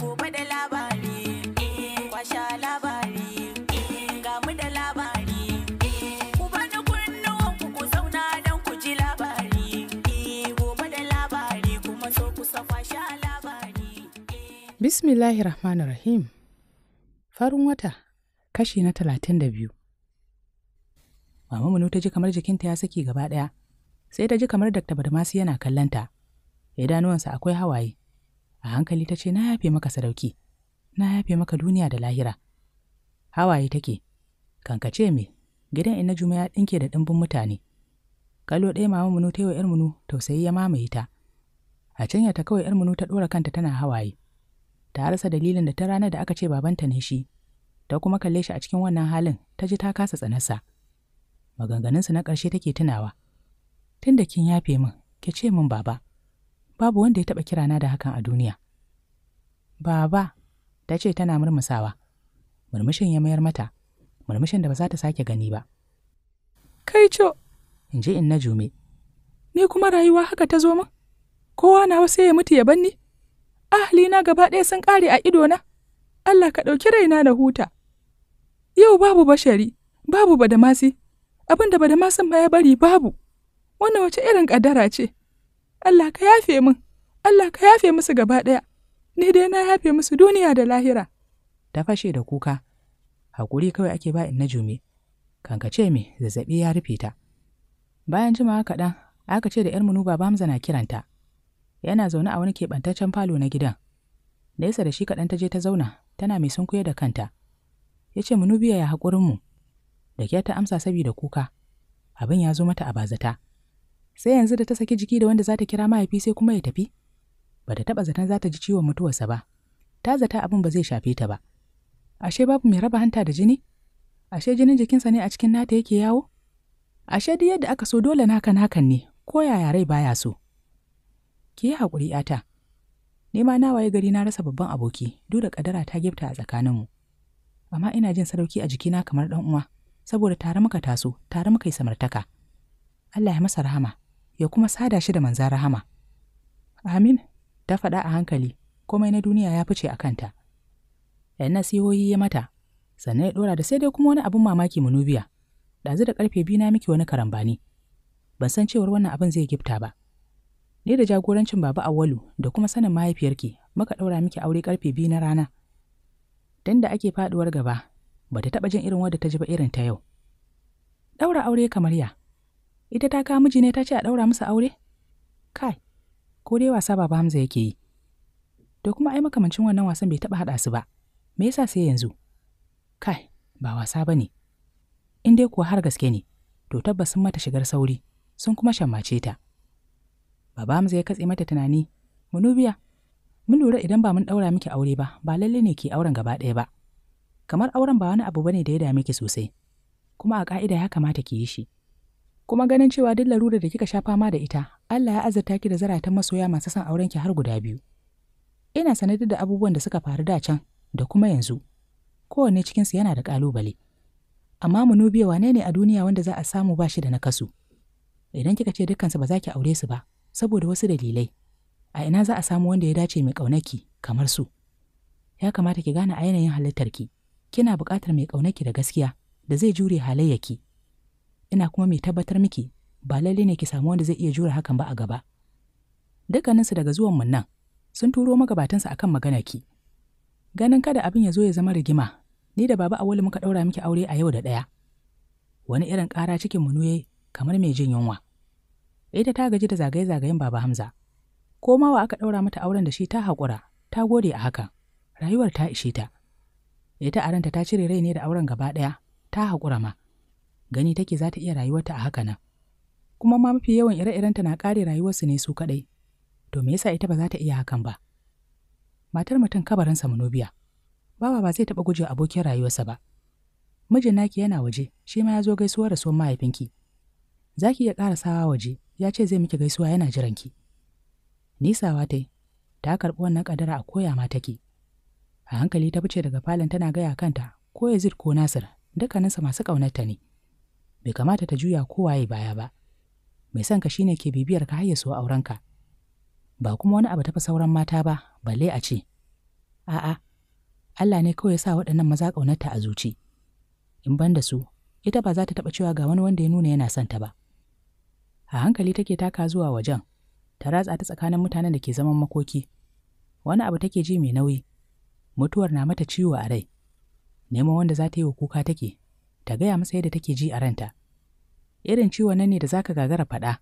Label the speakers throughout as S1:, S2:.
S1: gobe da labari eh, kwasha labari eh, ga mu da labari eh, ku bani kunnuwan ku ku zauna don ku ji labari gobe da labari kuma so ku sa kwasha labari bismillahir rahmanir rahim farin wata kashi na talatin da biyu Mama Manu ta ji kamar jikinta ya saki gaba ɗaya, sai ta ji kamar Dr. Badmasi yana kallanta, idanuwansa akwai hawaye. A hankali ta ce, Na yafe maka sadauki, na yafe maka duniya da lahira. Hawaye take, kankace me, gidan ina juma ya ɗinke da dimbin mutane. Kalo ɗaya mama munu ta yi ‘yar munu tausayi ya mamaye ta. A canya ta kawai ‘yar munu ta ɗora kanta tana hawaye. Ta rasa dalilin da ta rana da aka ce babanta ne shi, ta kuma kalle shi a cikin wannan halin ta ji ta kasa tsanarsa. Maganganunsa na ƙarshe take tunawa. Tunda kin yafe min, ki ce min baba. babu wanda ya taɓa kirana da hakan a duniya. Baba, ta ce tana murmusawa. Murmushin ya mayar mata, murmushin da ba za ta sake gani ba. Kai co, in ji in na jume. Ni kuma rayuwa haka ta zo min? Kowa nawa sai ya mutu ya banni? na gaba ɗaya sun ƙare a idona. Allah ka ɗauki raina da huta. Yau babu bashari, babu badamasi, abin da badamasin ma ya bari babu. Wannan wace irin ƙaddara ce? Allah ka yafe min, Allah ka yafe musu gaba ɗaya, ni dai na yafe musu duniya da lahira. Ta fashe da kuka, haƙuri kawai ake ba in na jume, kankace me zazzaɓi ya rufe ta. Bayan jimawa kaɗan, aka ce da ‘yar Nuba Bamza na kiranta, yana zaune a wani keɓantaccen falo na gidan. Nesa da shi kaɗan ta je ta zauna, tana mai sunkuye da kanta. Ya ce, Munubiya ya haƙurinmu, da ke ta amsa saboda kuka, abin ya zo mata a bazata. sai yanzu da ta saki jiki da wanda za ta kira mahaifi sai kuma ya tafi ba ta taɓa zaton za ta ji ciwon mutuwarsa ba ta zata abin ba zai shafe ta ba ashe babu mai raba hanta da jini ashe jinin jikinsa ne a cikin nata yake yawo ashe duk yadda aka so dole naka nakan ne ko yaya rai baya so ki yi haƙuri yata nema na ya gari na rasa babban aboki duk da ƙadara ta gifta a tsakaninmu amma ina jin sarauki a jikina kamar ɗan uwa saboda tare muka taso tare muka yi samartaka Allah ya masa rahama ya kuma sada shi da manza rahama. Amin, ta faɗa a hankali, komai na duniya ya fice a kanta. ‘Yan nasihohi ya mata, sannan ya ɗora da sai dai kuma wani abin mamaki munubiya. Ɗazu da ƙarfe biyu na miki wani karambani. Ban san cewar wannan abin zai gifta ba. Ni da jagorancin Baba Awalu da kuma sanin mahaifiyarki muka ɗaura miki aure ƙarfe biyu na rana. Dan da ake faɗuwar gaba, ba ta taɓa jin irin wadda ta ji ba irin ta yau. Ɗaura aure kamar ya, Ita ta kawo miji ne ta ce a ɗaura masa aure? Kai, ko dai wasa baba Hamza yake yi. To kuma ai makamancin wannan wasan bai taɓa haɗa su ba. Me yasa sai yanzu? Kai, ba wasa ba ne. In dai kuwa har gaske ne, to tabbas sun mata shigar sauri, sun kuma shammace ta. Baba Hamza ya katse mata tunani, Munubiya, mun lura idan ba mun ɗaura miki aure ba, ba lalle ne ke auren gaba ɗaya ba. Kamar auren ba wani abu bane da ya dame ki sosai, kuma a ƙa'ida ya kamata ki yi shi. kuma ganin cewa duk larurar da kika sha fama da ita Allah ya azurta ki da zaratan masoya masu son aurenki har guda biyu ina sanadin da abubuwan da suka faru da can da kuma yanzu kowanne cikinsu yana da kalubale amma munubiya wane ne a duniya wanda za a samu ba shi da nakasu idan kika ce dukkansu ba za ki aure su ba saboda wasu dalilai a ina za a samu wanda ya dace mai ƙaunaki kamar su ya kamata ki gane a yanayin halittarki kina buƙatar mai ƙaunaki da gaskiya da zai jure halayyaki ina kuma mai tabbatar miki ba lallai ne ki samu wanda zai iya jure hakan ba a gaba dukkaninsu daga zuwan mun nan sun turo magabatansu akan magana ki ganin kada abin ya zo ya zama rigima ni da baba awali muka daura miki aure a yau da ɗaya wani irin ƙara cikin mu nuye kamar mai jin yunwa ita ta gaji da zagaye-zagayen baba hamza ko ma wa aka daura mata auren da shi ta haƙura ta gode a haka rayuwar ta ishe ta ita a ranta ta cire rai ne da auren gaba ɗaya ta haƙura ma gani take za ta iya rayuwarta a haka nan kuma ma mafi yawan ire-irenta na kare rayuwarsu ne su kaɗai to me yasa ita ba za ta iya hakan ba matar mutum kabarin manubiya bawa ba zai taɓa guje abokin rayuwarsa ba mijin naki yana waje shi ma ya zo gaisuwa da son mahaifinki za ki iya sawa waje ya ce zai miki gaisuwa yana jiranki nisawa ta yi ta karɓi wannan ƙadara a koya ma take a hankali ta fice daga falon tana gaya kanta ko yazid ko nasir dukkaninsa masu ƙaunarta ne bai kamata ta juya kowa ya baya ba mai son ka shine ke bibiyar ka har ya so ka ba kuma wani abu ta tafi sauran mata ba balle a ce a'a Allah ne kawai ya sa waɗannan maza ƙaunarta a zuci in ban da su ita ba za ta taɓa cewa ga wani wanda ya nuna yana son ta ba a hankali take taka zuwa wajen ta ratsa ta tsakanin mutanen da ke zaman makoki wani abu take ji mai nauyi mutuwar na mata ciwo a rai neman wanda za ta yi wa kuka take ta gaya masa yadda take ji a ranta. Irin ciwon nan ne da zaka gagara faɗa.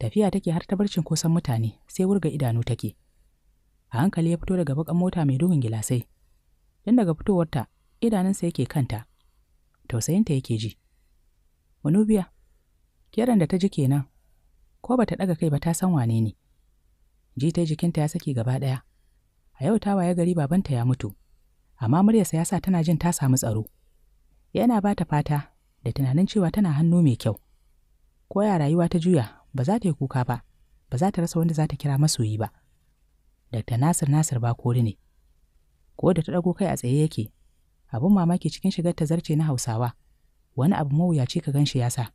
S1: Tafiya take har ta barcin kusan mutane, sai wurga idanu take. A hankali ya fito daga bakan mota mai duhun gilasai. Tun daga fitowarta, idanunsa yake kanta. Tausayinta yake ji. Manubiya, kiran da ta ji kenan, ko bata daga kai ba ta san wane ne. Ji ta jikinta ya saki gaba ɗaya. A yau ta waye gari babanta ya mutu, amma muryarsa ya sa tana jin ta samu tsaro. yana ba ta fata da tunanin cewa tana hannu mai kyau. Ko ya rayuwa ta juya ba za ta yi kuka ba, ba za ta rasa wanda za ta kira masoyi ba. Dr. Nasir Nasir ba kori ne. Ko da ta ɗago kai a tsaye yake, abin mamaki cikin shigar ta zarce na Hausawa, wani abu mawuyaci ka ganshi ya sa.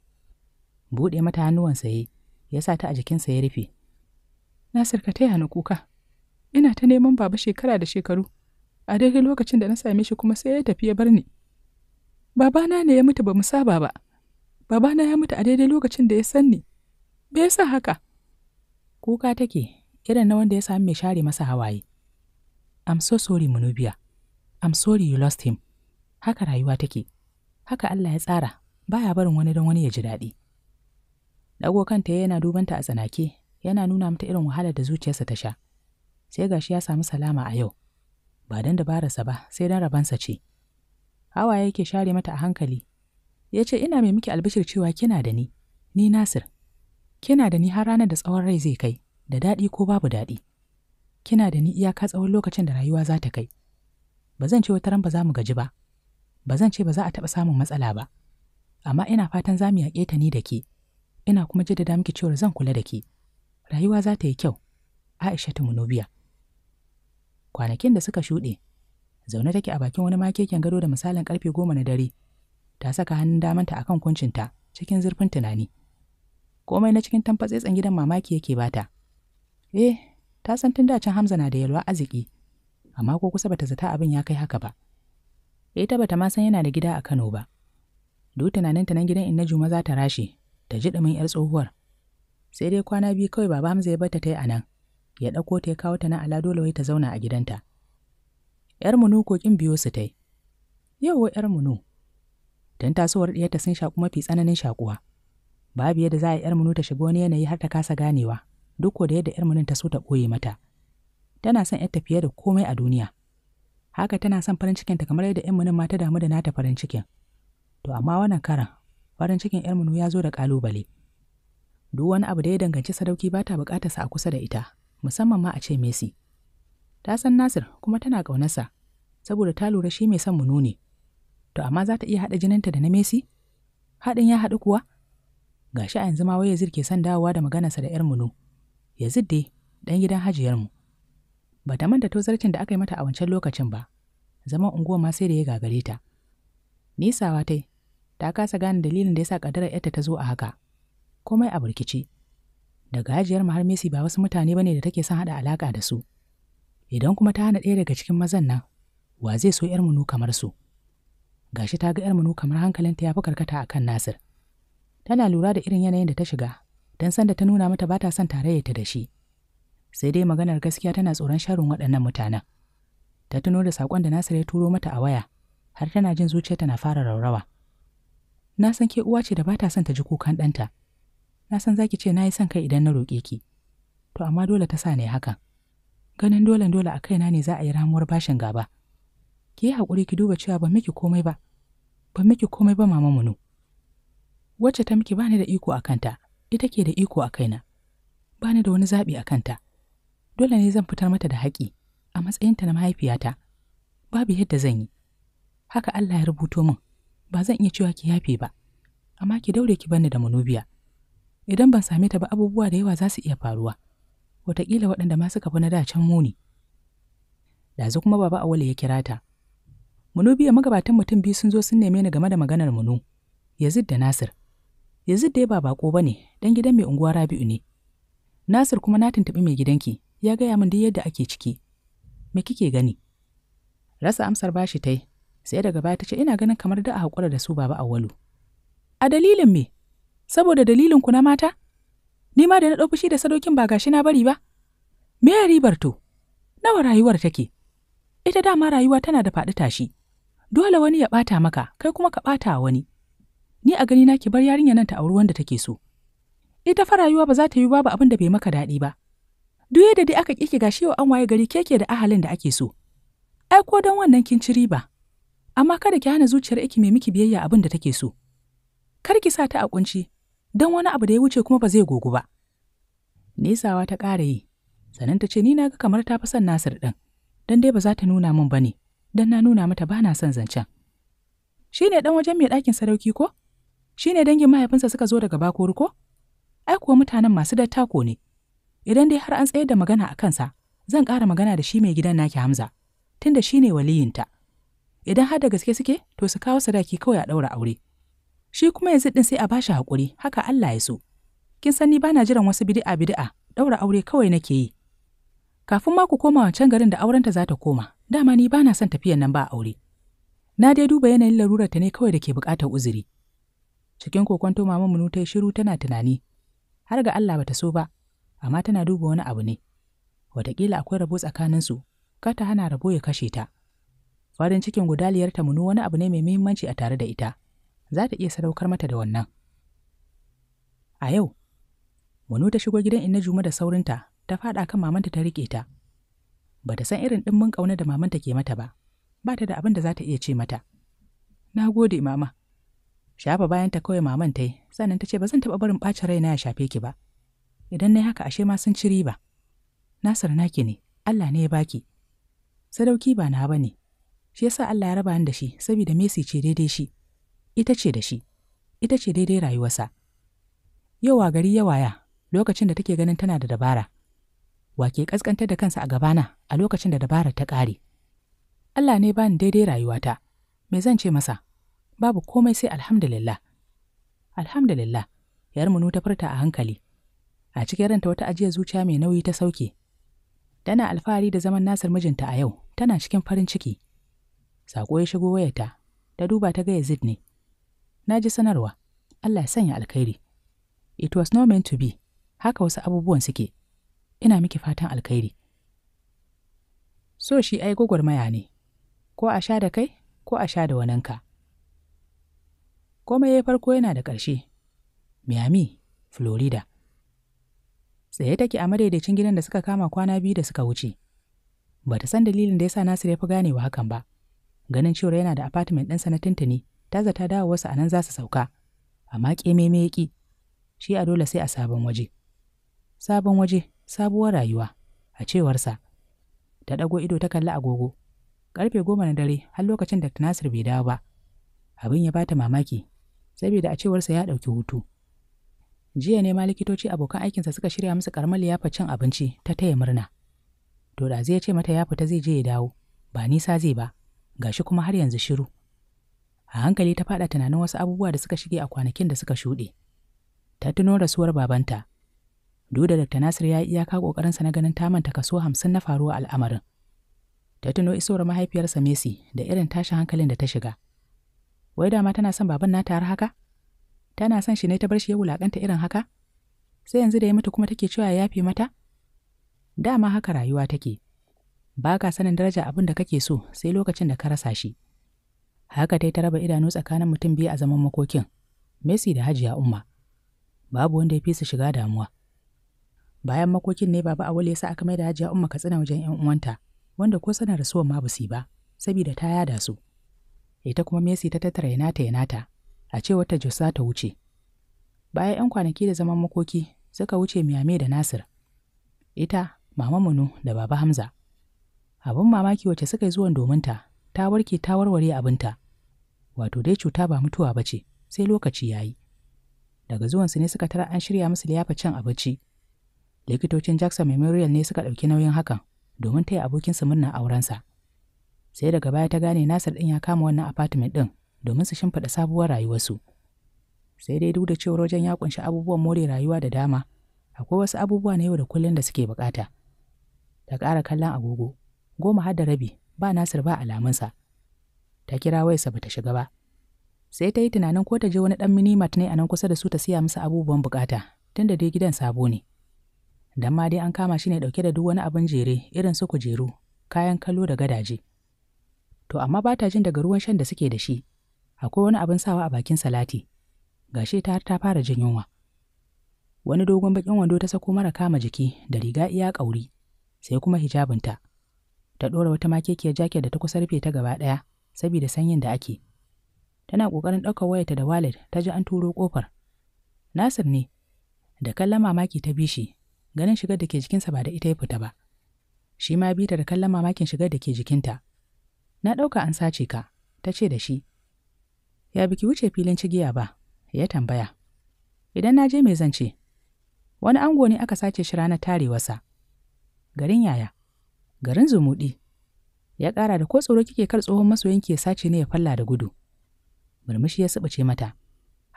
S1: Buɗe mata hannuwan saye, ya sa ta a jikinsa ya rufe. Nasir ka taya ni kuka, ina ta neman baba shekara da shekaru, a daidai lokacin da na same shi kuma sai ya tafi ya bar ni. babana ne ya mutu ba mu saba ba babana ya mutu a daidai lokacin da ya san ni me yasa haka kuka take irin na wanda ya sami mai share masa hawaye I'm so sorry Munubia I'm sorry you lost him haka rayuwa take haka Allah ya tsara baya barin wani don wani ya ji daɗi dago kanta yana dubanta a tsanake yana nuna mata irin wahalar da zuciyarsa ta sha sai gashi ya samu salama a yau ba don dabararsa ba sai don rabansa ce hawaye yake share mata a hankali ya ce ina mai miki albishir cewa kina da ni ni nasir kina da ni har ranar da tsawon rai zai kai da daɗi ko babu daɗi kina da ni iyaka tsawon lokacin da rayuwa za ta kai ba zan ce wata ran ba za mu gaji ba ba zan ce ba za a taɓa samun matsala ba amma ina fatan za mu yaƙe ta ni da ke ina kuma jaddada miki cewar zan kula da ke rayuwa za ta yi kyau aisha ta munubiya kwanakin da suka shuɗe zaune take a bakin wani makeken gado da misalin karfe goma na dare ta saka hannun damanta akan kuncinta cikin zurfin tunani komai na cikin tsan gidan mamaki yake bata eh ta san tun dacin hamza na da yalwa arziki amma ko kusa bata zata abin ya kai haka ba ta bata ma san yana da gida a kano ba duk tunaninta nan gidan inna juma za ta rashe ta ji dumin 'yar tsohuwar sai dai kwana biyu kawai baba hamza ya bata ta yi a nan ya ɗauko ta ya kawo ta nan ala dole wai ta zauna a gidanta ‘yar munu kokin biyo su ta yi. Yau ‘yar munu. Don tasowar ɗiyarta sun shaku mafi tsananin shakuwa. Babu yadda za a ‘yar munu ta shiga wani yanayi har ta kasa ganewa, duk da yadda ‘yar munun ta so ta ɓoye mata. Tana son yar tafiye da komai a duniya. Haka tana son farin ta kamar yadda yar munun ma ta damu da nata farin cikin. To amma wannan karan, farin cikin ‘yar munu ya zo da kalubale. Duk wani abu da ya danganci sadauki ba ta buƙatarsa a kusa da ita, musamman ma a ce Messi. Ta san Nasir kuma tana ƙaunarsa, saboda ta lura shi mai son mu nune. To amma za ta iya haɗa jininta da na Messi? Haɗin ya haɗu kuwa? Ga shi a yanzu ma waye Yazid ke son dawowa da maganarsa da ‘yar Munu. ya zidde! ɗan gidan hajiyarmu. Ba ta manta tozarcin da aka yi mata a wancan lokacin ba, zaman unguwa ma sai da ya gagare ta. Nisawa tai, ta kasa gane dalilin da ya sa ƙadarar ‘yarta ta zo a haka. Komai a burkici. Daga hajiyar mu har Messi ba wasu mutane ba ne da take son haɗa alaƙa da su. Idan kuma ta hana ɗaya daga cikin mazan nan, wa zai so ‘yar munu kamar su? Gashi ta ga ‘yar munu kamar hankalinta ya fi karkata a kan Nasir. Tana lura da irin yanayin da ta shiga, don sanda ta nuna mata ba ta son tarayya ta da shi. Sai dai maganar gaskiya tana tsoron sharin waɗannan mutanen. Ta tuno da saƙon da Nasir ya turo mata a waya, har tana jin zuciyarta na fara raurawa. Na san ke uwa ce da ba ta son ta ji kukan ɗanta. Na san za ki ce na yi son kai idan na roƙe ki. To amma dole ta sa ne hakan. ganin dole dole a kaina ne za a yi ramuwar bashin gaba ki yi haƙuri ki duba cewa ban miki komai ba ban miki komai ba mama munu wacce ta miki bani da iko a kanta ita ke da iko a kaina bani da wani zaɓi a kanta dole ne zan fitar mata da haƙi a matsayinta na mahaifiyata babu yadda zan yi haka Allah ya rubuto min ba zan iya cewa ki yafe ba amma ki daure ki bani da manubiya idan ban same ta ba abubuwa da yawa za su iya faruwa wataƙila waɗanda ma suka fi na dacen muni. Dazu kuma baba Awale ya kira ta. Munu biya magabatan mutum biyu sun zo sun neme ni game da maganar Munu, Yazid da Nasir. Yazid dai ba bako ba ne, dan gidan mai unguwa Rabi'u ne. Nasir kuma na tuntuɓi mai gidanki, ya gaya min duk yadda ake ciki. Me kike gani? Rasa amsar bashi tai, sai daga baya ta ce ina ganin kamar da a haƙura da su baba Awalu. A dalilin me? Saboda dalilin ku na mata? ni ma da na ɗau shi da sadokin ba gashi na bari ba me ya ribar to nawa rayuwar take ita dama rayuwa tana da faɗi tashi dole wani ya ɓata maka kai kuma ka ɓata wani ni a gani na ki bar yarinya nan ta auri wanda take so ita fa rayuwa ba za ta yi babu abin da bai maka daɗi ba duk yadda dai aka kike gashi wa an waye gari keke da ahalin da ake so ai ko dan wannan kin ci riba amma kada ki hana zuciyar iki mai miki biyayya abin da take so kar ki sa ta a kunci don wani abu da ya wuce kuma ba zai gogu ba. Nesawa ta ƙara yi, sannan ta ce ni na ga kamar ta fi son Nasir ɗin, don dai ba za ta nuna min ba ne, don na nuna mata ba na son zancen. Shi ne ɗan wajen mai ɗakin sarauki ko? Shi ne dangin mahaifinsa suka zo daga bakori ko? Ai kuwa mutanen masu dattako ne. Idan dai har an tsayar da magana a kansa, zan ƙara magana da shi mai gidan naki Hamza, tunda shi ne waliyinta. Idan har da gaske suke, to su kawo sadaki kawai a ɗaura aure. Shi kuma yanzu ɗin sai a ba shi haƙuri, haka Allah ya so. Kin sani ba na jiran wasu bidi'a bidi'a, ɗaura aure kawai nake yi. Kafin ma ku koma wancan garin da aurenta za ta koma, dama ni ba na son tafiyan nan ba aure. Na dai duba yanayin larurarta ne kawai da ke buƙatar uzuri. Cikin kokonto maman Munu ta yi shiru tana tunani, har ga Allah bata so ba, amma tana duba wani abu ne. Wataƙila akwai rabo tsakaninsu, ka ta hana rabo ya kashe ta. Farin cikin gudaliyarta Munu wani abu ne mai muhimmanci a tare da ita. za ta iya sadaukar mata da wannan. A yau, Manu ta shigo gidan Inna Juma da saurinta ta faɗa kan mamanta ta riƙe ta. Ba ta san irin ɗimbin ƙauna da mamanta ke mata ba, ba ta da abin da za ta iya ce mata. Na gode, mama. Shafa bayan ta kawai maman ta yi, sannan ta ce ba zan taɓa barin ɓacin raina ya shafe ki ba. Idan na yi haka ashe ma sun ci riba. Nasir naki ne, Allah ne ya baki. Sadauki ba na ba ne, shi yasa Allah ya raba ni da shi saboda Messi ce daidai shi. ita ce da shi, ita ce daidai rayuwarsa. Yau Yawa gari ya waya lokacin da take ganin tana da dabara, wake ƙasƙantar da kansa a gabana a lokacin da dabarar ta ƙare. Allah ne bani daidai rayuwata, me zan ce masa, babu komai sai alhamdulillah. Alhamdulillah, yar munu ta furta a hankali, a cikin ranta wata ajiya zuciya mai nauyi ta sauke. Tana alfahari da zaman Nasir mijinta a yau, tana cikin farin ciki. Sako ya shigo wayata. ta duba ta ga Yazid ne. na ji sanarwa, Allah ya sanya alkhairi. It was not meant to be, haka wasu abubuwan suke, ina miki fatan alkhairi. So shi ai gwagwarmaya ne, ko a sha da kai, ko a sha da wananka Komai ya farko yana da ƙarshe, Miami, Florida. Tsaye take a madaidaicin gidan da suka kama kwana biyu da suka wuce. Ba ta san dalilin da ya sa Nasir ya fi ganewa hakan ba, ganin cewar yana da apartment ɗinsa na tuntuni ta dawo wasu a nan za su sauka, amma ƙememe ya ƙi, shi a dole sai a sabon waje. Sabon waje, sabuwar rayuwa, a cewarsa. Ta ɗago ido ta kalli agogo, ƙarfe goma na dare har lokacin da Nasir bai dawo ba. Abin ya bata mamaki, saboda a cewarsa ya ɗauki hutu. Jiya ne ma likitoci abokan aikinsa suka shirya musu karamar liyafa cin abinci ta taya murna. To da zai ce mata ya fita zai je ya dawo, ba nisa zai ba, gashi kuma har yanzu shiru. A hankali ta faɗa tunanin wasu abubuwa da suka shige a kwanakin da suka shuɗe. Ta tuno rasuwar babanta. Duk da Dr. Nasir ya yi iyaka ƙoƙarinsa na ganin ta manta kaso hamsin na faruwa al'amarin. Ta tuno isowar mahaifiyarsa Messi da irin tashin hankalin da ta shiga. Wai dama tana son baban nata har haka? Tana son shi ne ta bar shi ya wulaƙanta irin haka? Sai yanzu da ya mutu kuma take cewa ya yafe mata? Dama haka rayuwa take. Ba ka sanin daraja abin da kake so sai lokacin da ka rasa shi. haka ta ta raba idanu tsakanin mutum biyu a zaman makokin messi da hajiya umma babu wanda ya fi su shiga damuwa bayan makokin ne baba awul ya sa aka mai da hajiya umma katsina wajen yan uwanta wanda ko sanar da suwan ma ba ba saboda ta yada su ita kuma messi ta tattara ya nata ya nata a cewar ta Jossa ta wuce bayan yan kwanaki da zaman makoki suka wuce miyame da nasir ita mama munu da baba hamza abin mamaki wacce suka yi zuwan domin ta ta warke ta warware abinta wato dai cuta ba mutuwa ba ce sai lokaci ya yi daga zuwansu ne suka tara an shirya musu liyafa cin abinci likitocin jackson memorial ne suka ɗauki nauyin hakan domin ta yi abokinsa murna aurensa sai daga baya ta gane nasir ɗin ya kama wannan apartment ɗin domin su shimfiɗa sabuwar rayuwarsu sai dai duk da cewa wajen ya kunshi abubuwan more rayuwa da dama akwai wasu abubuwa na yau da kullum da suke bukata ta ƙara kallon agogo goma har da rabi ba nasir ba alamunsa ta kira wayarsa bata shiga ba sai ta yi tunanin ko ta je wani ɗan minimat ne a nan kusa da su ta siya masa abubuwan bukata da dai gidan sabo ne dan ma dai an kama shi ne ɗauke da duk wani abin jere irin su kujeru kayan kallo da gadaje to amma ba ta jin daga ruwan shan da suke da shi akwai wani abin sawa a bakin salati gashi ta har ta fara jin yunwa wani dogon bakin wando ta sako mara kama jiki da riga iya kauri sai kuma hijabinta ta ɗora wata makekiyar jaket da ta kusa rufe ta gaba ɗaya saboda sanyin da ake. Tana ƙoƙarin ɗaukar wayarta da walet ta ji an turo ƙofar. Nasir ne, da kallon mamaki ta bi shi, ganin shigar da ke jikinsa ba da ita ya fita ba. Shi ma bi ta da kallon mamakin shigar da ke jikinta. Na ɗauka an sace ka, ta ce da shi. Ya biki wuce filin cigiya ba, ya tambaya. Idan na je me zan ce? Wani ango ne aka sace shi ranar tarewarsa. Garin yaya? Garin zumuɗi. Ya ƙara da ko tsoro kike kar tsohon masoyinki ya sace ne ya falla da gudu. Murmushi ya subuce mata,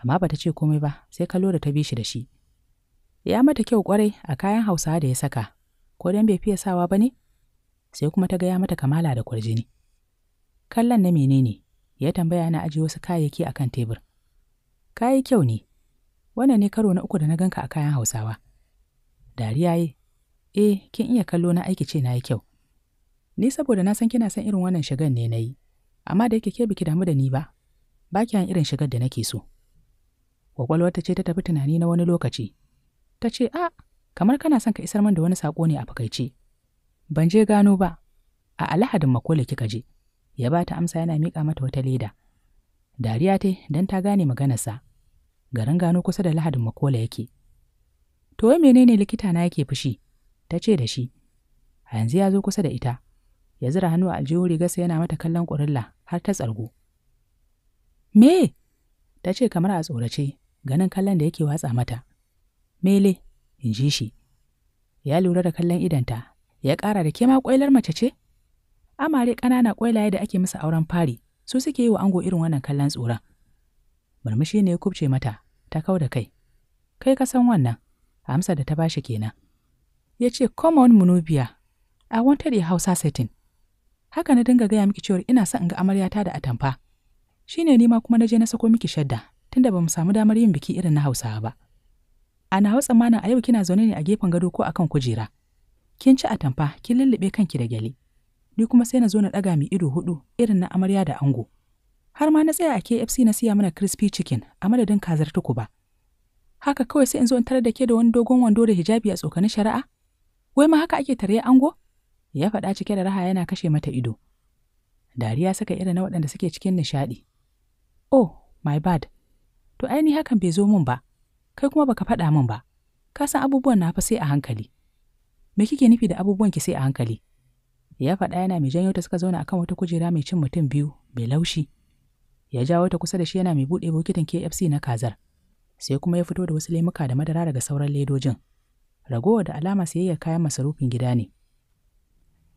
S1: amma bata ce komai ba sai kallo da ta bi shi da shi. Ya mata kyau kwarai a kayan Hausawa da ya saka, ko dan bai fiye sawa ba ne? Sai kuma ta gaya mata kamala da kwarjini. Kallon na menene? Ya tambaya na ajiye wasu kayayyaki akan tebur. Kayi kyau ne, wannan ne karo na uku da na ganka a kayan Hausawa. Dariya yi, eh, kin iya kallo na aiki ce na yi kyau. Ni saboda na san kina san irin wannan shigan ne na yi, amma da yake ke biki damu da ni ba, ba ki irin shigar da nake so. Kwakwalwar ta ce ta tafi tunani na wani lokaci. Ta ce, a, kamar kana son ka isar min da wani saƙo ne a fakaice. Ban je gano ba, a lahadin makola kika je. Ya ba ta amsa yana miƙa mata wata leda. Dariya ta don ta gane maganarsa. Garin gano kusa da lahadin makola yake. To wai menene likita na yake fushi? Ta ce da shi. A yanzu ya zo kusa da ita. ya zira hannu a aljihun rigarsa yana mata kallon ƙurilla har ta tsargu. Me? Ta ce kamar a tsorace, ganin kallon da yake watsa mata. Mele, in ji shi. Ya lura da kallon idanta, ya ƙara da kema ƙwailar mace ce? Amare ƙanana ƙwailaye da ake masa auren fari, su suke yi wa ango irin wannan kallon tsoron. Murmushi ne ya kubce mata, ta kau da kai. Kai ka san wannan, amsa da ta bashi kenan. Ya ce, Come on, Munubia, I wanted a Hausa setting. Haka na dinga gaya miki cewar ina son in ga amaryata da atamfa. Shi ne nima kuma na je na sako miki shadda, tunda bamu samu damar yin biki irin na Hausawa ba. A hausa tsammanin a yau kina zaune ne a gefen gado ko akan kujera. Kin ci atamfa, kin lullube kanki da gyale. Ni kuma sai na zo na daga mi ido hudu irin na amarya da ango. Har ma na tsaya a KFC na siya mana crispy chicken a madadin kazar ba. Haka kawai sai in zo in tarar da ke da wani dogon wando da hijabi a tsokanin shari'a? Wai ma haka ake tare ango? ya faɗa cike da raha yana kashe mata ido. Dariya saka irin na waɗanda suke cikin nishaɗi. Oh, my bad. To ai ni hakan bai zo min ba, kai kuma baka faɗa min ba. Ka san abubuwan na fa sai a hankali. Me kike nufi da abubuwan ki sai a hankali? Ya faɗa yana mai janyo ta suka zauna akan wata kujera mai cin mutum biyu, mai laushi. Ya ja wata kusa da shi yana mai buɗe bokitin KFC na kazar. Sai kuma ya fito da wasu lemuka da madara daga sauran ledojin. Ragowa da alama sayayyar kayan masarufin gida ne.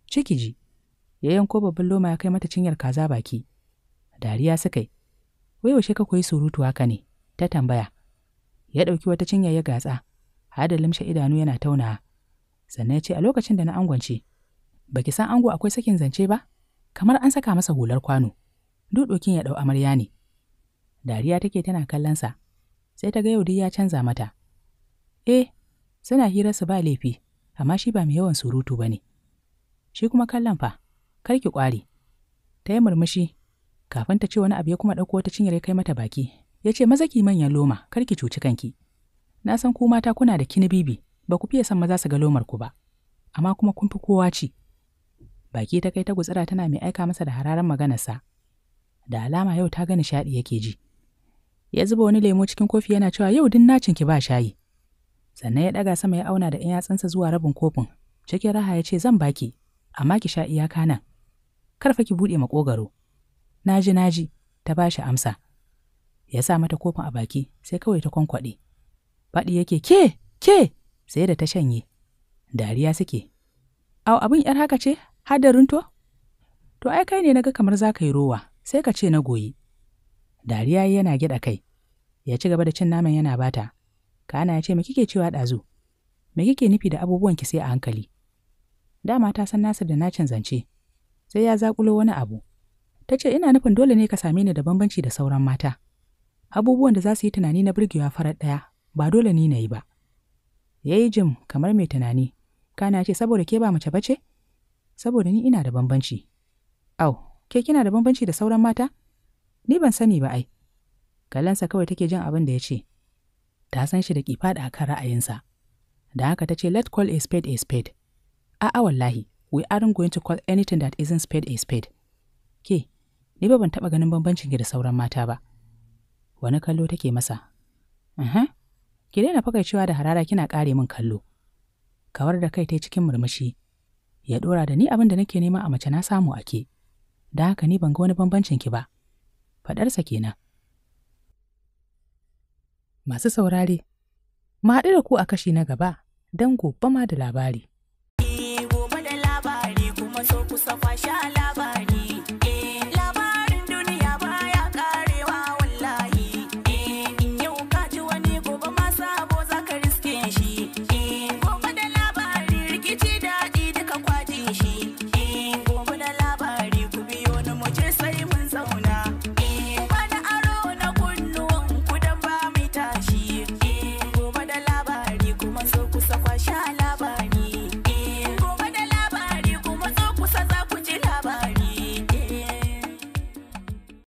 S1: Cikiji. ji ya yanko babban loma ya kai mata cinyar kaza baki dariya suka yi wai yaushe ka koyi surutu haka ne ta tambaya ya ɗauki wata cinya ya gatsa har da limshe idanu yana taunawa sannan ya ce a lokacin da na angwance baki san ango akwai sakin zance ba kamar an saka masa hular kwano dudokin ya ɗau amarya ne dariya take tana kallon sa. sai ta ga yau ya canza mata eh suna hirar su ba laifi amma shi ba mai yawan surutu ba ne shi kuma kallon fa, kar ki ƙware. Ta yi murmushi, kafin ta ce wani abu ya kuma ɗauko wata cinyar ya kai mata baki, ya ce maza ki manyan loma, kar ki cuci kanki. Na san ku mata kuna da kini bibi, ba ku fiye san maza su ga lomar ku ba, amma kuma kun fi kowa ci. Baki ta kai ta gutsira tana mai aika masa da hararan maganarsa. Da alama yau ta ga nishaɗi yake ji. Ya zuba wani lemo cikin kofi yana cewa yau din nacin ki ba shayi. Sannan ya ɗaga sama ya auna da 'yan yatsansa zuwa rabin kofin. Cikin raha ya ce zan baki, amma ki sha iyaka nan. karfa ki buɗe makogaro. Naji naji ta ba shi amsa. Ya sa mata kofin a baki sai kawai ta kwankwaɗe. Faɗi yake ke ke sai da ta shanye. Dariya suke. Au abin ‘yar haka ce? Hadarin to? To ai kai ne na ga kamar za ka yi rowa sai ka ce na goyi. Dariya yana gyaɗa kai. Ya ci gaba da cin naman yana bata. Kana ya ce me kike cewa ɗazu? Me kike nufi da abubuwan ki sai a hankali? Dama ta san Nasir da nacin zance. Sai ya zaƙulo wani abu. Ta ce ina nufin dole ne ka same ni da bambanci da sauran mata. Abubuwan da za su yi tunani na birgewa farar ɗaya ba dole ni na yi ba. Ya yi jim kamar mai tunani. Kana ce saboda ke ba mace bace? Saboda ni ina da bambanci. Au, ke kina da bambanci da sauran mata? Ni ban sani ba ai. Galansa kawai take jin abin da ya ce. Ta san shi da kifaɗa a kan ra'ayinsa. Da haka ta ce let call a spade a spade. A'a wallahi, we aren't going to call anything that isn't spade a spade. Ke, ni ba ban taɓa ganin bambancin ki da sauran mata ba. Wani kallo take masa. Aha, ki daina cewa da harara kina kare min kallo. Kawar da kai ta cikin murmushi. Ya ɗora da ni abin da nake nema a mace na samu a ke. Da haka ni ban ga wani bambancin ki ba. Faɗarsa kenan. Masu saurare, ma haɗu da ku a kashi na gaba don gobe ma da labari.